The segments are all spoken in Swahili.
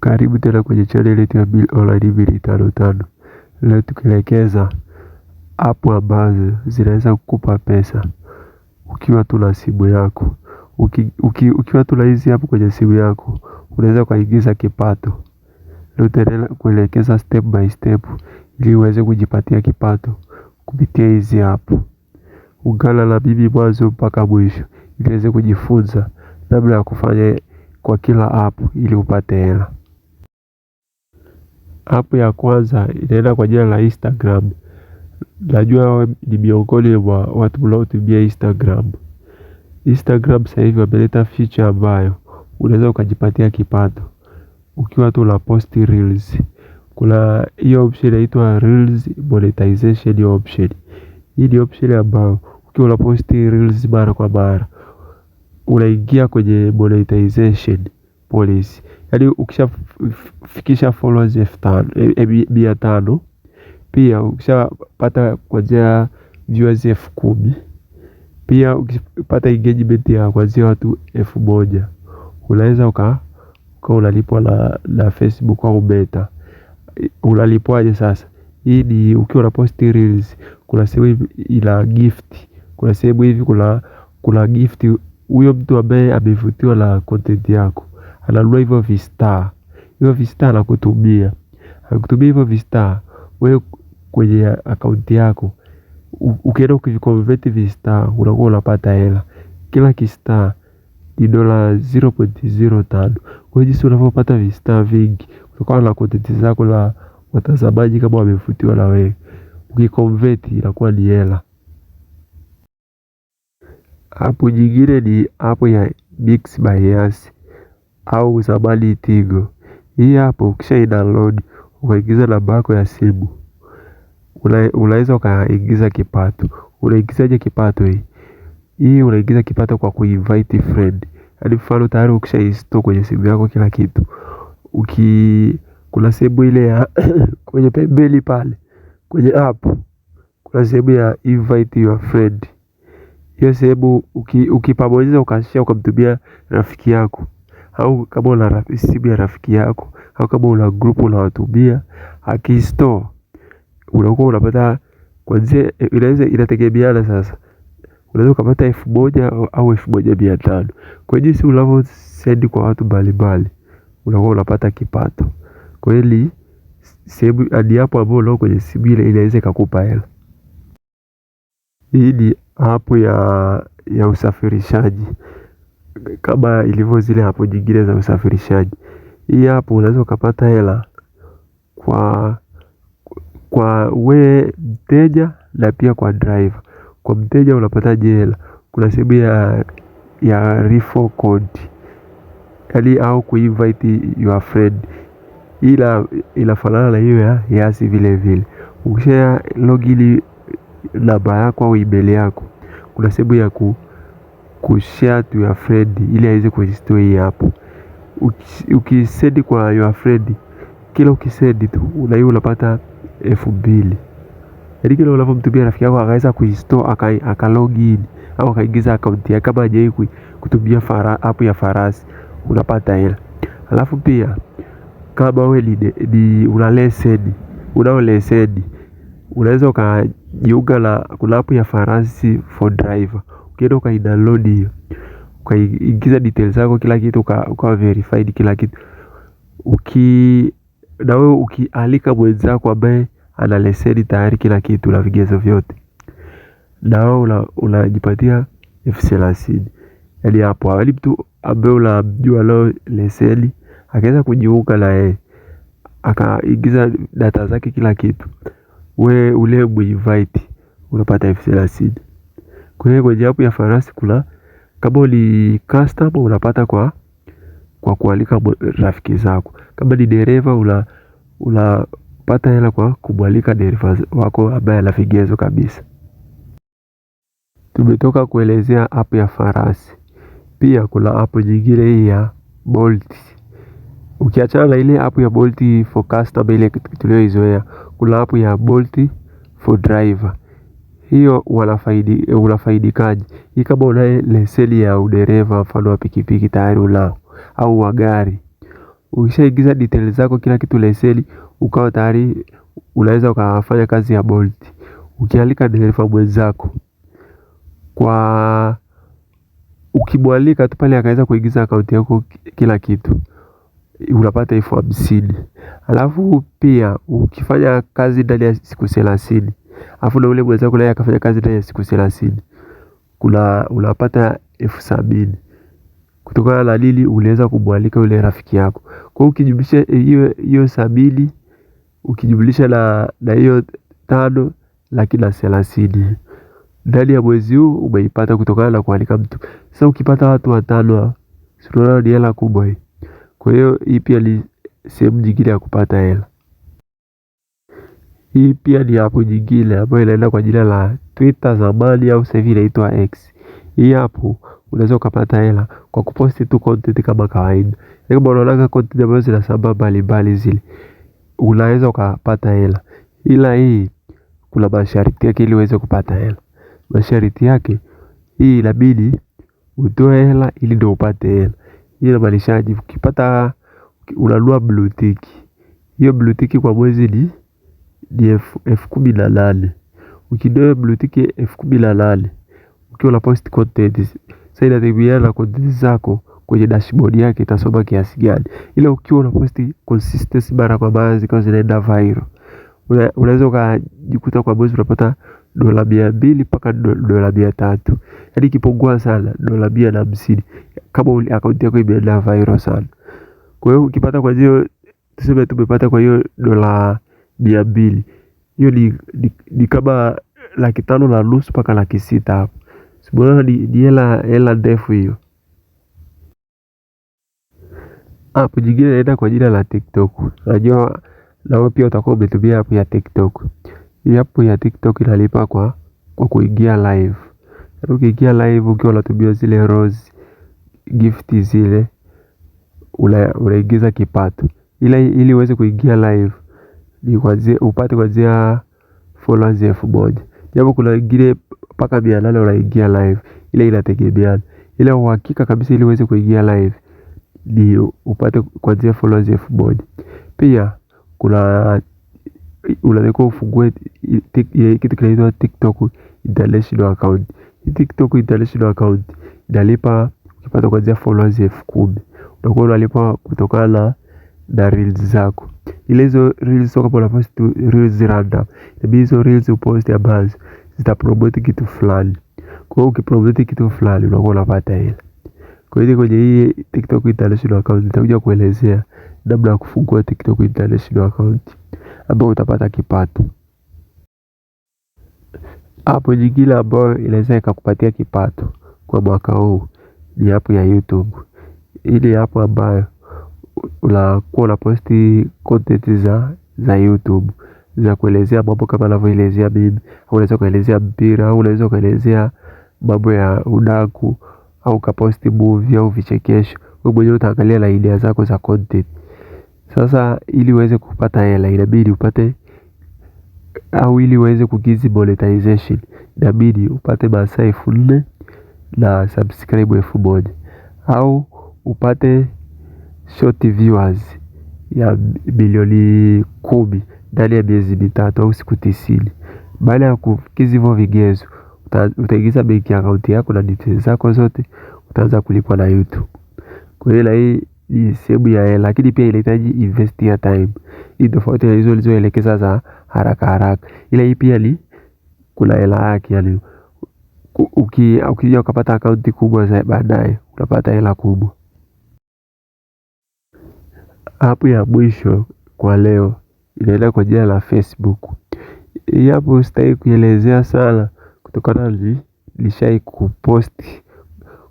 Karibu tena kwenye channel yetu ya Bill Online mbili tano tano. Leo tukielekeza app ambazo zinaweza kukupa pesa ukiwa tu na simu yako. Uki, uki, ukiwa tu na hizi app kwenye simu yako unaweza ukaingiza kipato. Leo tutaendelea kuelekeza step by step ili uweze kujipatia kipato kupitia hizi app. Ungana na mimi mwanzo mpaka mwisho ili uweze kujifunza namna ya kufanya kwa kila app ili upate hela. App ya kwanza inaenda kwa jina la Instagram. Najua ni miongoni mwa watu mnaotumia Instagram. Instagram sasa hivi wameleta feature ambayo unaweza ukajipatia kipato ukiwa tu post reels. Kuna hiyo option inaitwa reels monetization option. Hii ni option ambayo ukiwa post reels mara kwa mara unaingia kwenye monetization policy. Yaani ukisha fikisha followers elfu tano e, e, mia tano pia ukishapata kwanzia viewers elfu kumi pia ukipata engagement ya kwanzia watu elfu moja unaweza uka uka unalipwa na, na Facebook au Meta. Unalipwaje sasa? Hii ni ukiwa unaposti reels, kuna sehemu ina gift, kuna sehemu hivi kuna kuna gift. Huyo mtu ambaye amevutiwa na content yako ananunua hivyo vistaa hivyo vistaa na kutubia akikutubia hivyo vistaa wewe kwenye akaunti yako ukienda ukivikonveti vistaa unakuwa unapata hela kila kistaa ni dola 0.05 kwa jinsi unavyopata vistaa vingi kutokana na kontenti zako la watazamaji kama wamevutiwa na wewe ukikonveti inakuwa ni hela apu nyingine ni apu ya Mixx by Yas au zamani Tigo hii hapo ukisha i-download ukaigiza namba yako ya simu. Unaweza ukaigiza kipato. Unaigizaje kipato hii? Hii unaigiza kipato kwa kuinvite friend. Yaani mfano tayari ukisha install kwenye simu yako kila kitu. Uki kuna sehemu ile ya kwenye pembeni pale kwenye app kuna sehemu ya invite your friend. Hiyo sehemu ukipabonyeza ukashare ukamtumia rafiki yako au kama una simu ya rafiki yako au kama una grupu unawatumia akisto unakuwa unapata kwanzia inaweza inategemeana sasa unaweza ukapata elfu moja au elfu moja mia tano kwa jinsi unavyo send kwa watu mbalimbali unakuwa unapata kipato kweli sehemu hadi hapo ambayo unao kwenye simu ile inaweza ikakupa hela hii ni app ya ya usafirishaji kama ilivyo zile hapo jingine za usafirishaji. Hii hapo unaweza ukapata hela kwa we mteja na pia kwa driver. Kwa mteja unapataje hela? Kuna sehemu ya referral code yaani au kuinvite your friend ila inafanana na hiyo ya yasi vile vile. Ukisha login namba yako au email yako kuna sehemu ya ku kushare to your friend ili aweze kuregister hapo. Ukisend kwa your friend, kila ukisend tu unaiyo unapata elfu mbili yaani kila unavyomtumia rafiki yako akaweza kuistore log in au akaingiza akaunti yake kama hajawahi kutumia app ya farasi unapata hela. Alafu pia kama we ni una leseni unao leseni unaweza ukajiunga na kuna app ya farasi for driver ukienda ukaidownload hiyo ukaingiza details zako kila kitu ukawa verified kila kitu uki na wewe ukialika mwenzako ambaye ana leseni tayari kila kitu na vigezo vyote na wewe unajipatia elfu thelathini yaani hapo yaani mtu ambaye unamjua leo leseni akaweza kujiunga na yeye akaingiza data zake kila kitu we ule mwinvite unapata elfu thelathini kwenye hapo ya farasi kula kama ni customer unapata kwa kwa kualika rafiki zako. Kama ni dereva una unapata hela kwa kumwalika dereva wako ambaye ana vigezo kabisa. Tumetoka kuelezea app ya farasi, pia kuna app nyingine hii ya Bolt. Ukiachana na ile app ya Bolt for customer ile tuliyoizoea, kuna app ya Bolt for driver hiyo wanafaidi, unafaidikaji hii? Kama unaye leseni ya udereva mfano wa pikipiki tayari unao au wa gari, ukishaingiza details zako kila kitu leseni, ukawa tayari unaweza ukafanya kazi ya Bolt. Ukialika dereva mwenzako kwa ukimwalika tu pale akaweza kuingiza akaunti yako kila kitu unapata elfu hamsini. Alafu pia ukifanya kazi ndani ya siku thelathini Alafu na ule mwenzako naye akafanya kazi naye siku thelathini. Kuna unapata elfu sabini. Kutokana na nini uliweza kumwalika yule rafiki yako. Kwa hiyo ukijumlisha hiyo sabini ukijumlisha na hiyo tano laki na thelathini. Ndani ya mwezi huu umeipata kutokana na kualika mtu. Sasa ukipata watu watano si unaona ni hela kubwa hii. Kwa hiyo hii pia ni sehemu nyingine ya kupata hela. Hii pia ni hapo nyingine ambayo inaenda kwa jina la Twitter zamani au sasa hivi inaitwa X. Hii hapo unaweza ukapata hela kwa kuposti tu content kama kawaida. Yaani kama unaonaga content ambazo zinasambaa mbalimbali zile unaweza ukapata hela. Ila hii kuna masharti yake ili uweze kupata hela. Masharti yake hii inabidi utoe hela ili ndio upate hela. Hii inamaanishaje? Ukipata unanua blue tick. Hiyo blue tick kwa mwezi ni ni elfu kumi na nane ukidownload bluetooth elfu kumi na nane ukiwa una post content sasa inategemeana na content zako kwenye dashboard yake itasoma kiasi gani ila ukiwa una post consistency mara kwa mara zikawa zinaenda viral unaweza ukajikuta kwa mwezi unapata dola mia mbili mpaka dola mia tatu yaani ikipungua sana dola mia na hamsini kama akaunti yako imeenda viral sana kwa hiyo ukipata kwa hiyo tuseme tumepata kwa hiyo dola mia mbili hiyo ni, ni, ni kama laki tano na nusu mpaka laki sita hapo. Simuona ni hela hela ndefu hiyo. Apu nyingine naenda kwa jina la TikTok. Najua nawe pia utakuwa umetumia apu ya TikTok. Hii apu ya TikTok inalipa kwa kwa kuingia live. Yaani ukiingia live ukiwa unatumia zile rose gifti zile unaingiza kipato, ila ili uweze kuingia live ni kwanzia upate kwanzia followers elfu moja japo kuna wengine mpaka mia nane unaingia live ile inategemeana ila uhakika kabisa ili uweze kuingia live ni upate kwanzia followers elfu moja pia kuna unatakiwa ufungue kitu kinaitwa TikTok international account. TikTok international account inalipa ukipata kwanzia followers elfu kumi utakuwa unalipa kutokana na na reels zako ile hizo reels sio kama nafasi tu reels random inabidi hizo reels uposti ambazo zitapromote kitu fulani kwa hiyo ukipromote kitu fulani unakuwa unapata hela kwa hiyo kwenye hii TikTok international account nitakuja kuelezea namna ya kufungua TikTok international account ambayo utapata kipato hapo nyingine ambayo inaweza ikakupatia kipato kwa mwaka huu ni hapo ya YouTube. Hii hapo ambayo unakuwa unaposti content za za YouTube za kuelezea mambo kama anavyoelezea bibi, au unaweza kuelezea mpira, au unaweza kuelezea mambo ya udaku, au kaposti movie au vichekesho. Wewe mwenyewe utaangalia na idea zako za content. Sasa ili uweze kupata hela inabidi upate au ili uweze kukizi monetization inabidi upate masaa elfu nne na subscribe elfu moja au upate short viewers ya bilioni kumi ndani ya miezi mitatu au siku tisini. Baada ya kukizi hivyo vigezo, utaingiza benki ya akaunti yako na details zako zote, utaanza kulipwa na YouTube. Kwa hiyo hii ni sehemu ya hela, lakini pia inahitaji invest ya time. Hii tofauti na hizo nilizoelekeza za haraka haraka, ila hii pia ni kuna hela yake, yani ukija ukapata akaunti kubwa za baadaye, unapata hela kubwa. App ya mwisho kwa leo inaenda kwa jina la Facebook. Hii hapo sitaki kuelezea sana kutokana nilishai kuposti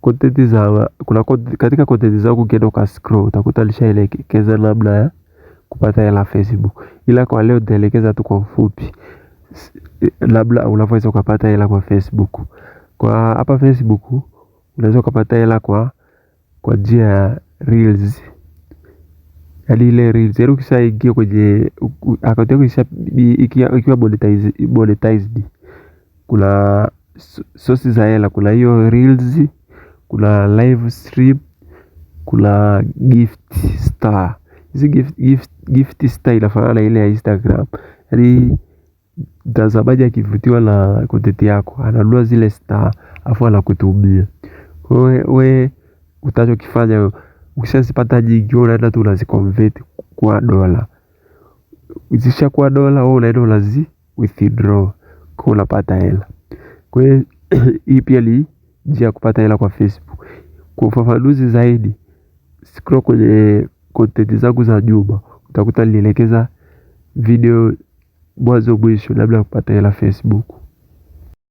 content za kuna katika content zangu ukienda ukascroll utakuta nishaelekeza namna ya kupata hela Facebook. Ila kwa leo nitaelekeza tu kwa ufupi labda unavyoweza ukapata hela kwa Facebook. Kwa hapa Facebook unaweza ukapata hela kwa kwa njia ya reels yaani ile reels yaani ukishaingia kwenye account yako ikiwa monetized kuna sources za hela kuna hiyo reels kuna live stream kuna gift star hizi gift, gift, gift star inafanana na ile ya instagram yaani mtazamaji akivutiwa na content yako ananunua zile star afu anakutumia we, we utachokifanya Ukishazipata nyingi wewe unaenda tu unaziconvert kwa dola. kwa dola wewe unaenda unazi withdraw kwa unapata hela. Kwa hiyo hii pia ni njia ya kupata hela kwa Facebook. Kwa ufafanuzi zaidi, scroll kwenye content zangu za nyuma, utakuta nilielekeza video mwanzo mwisho labda ya kupata hela Facebook.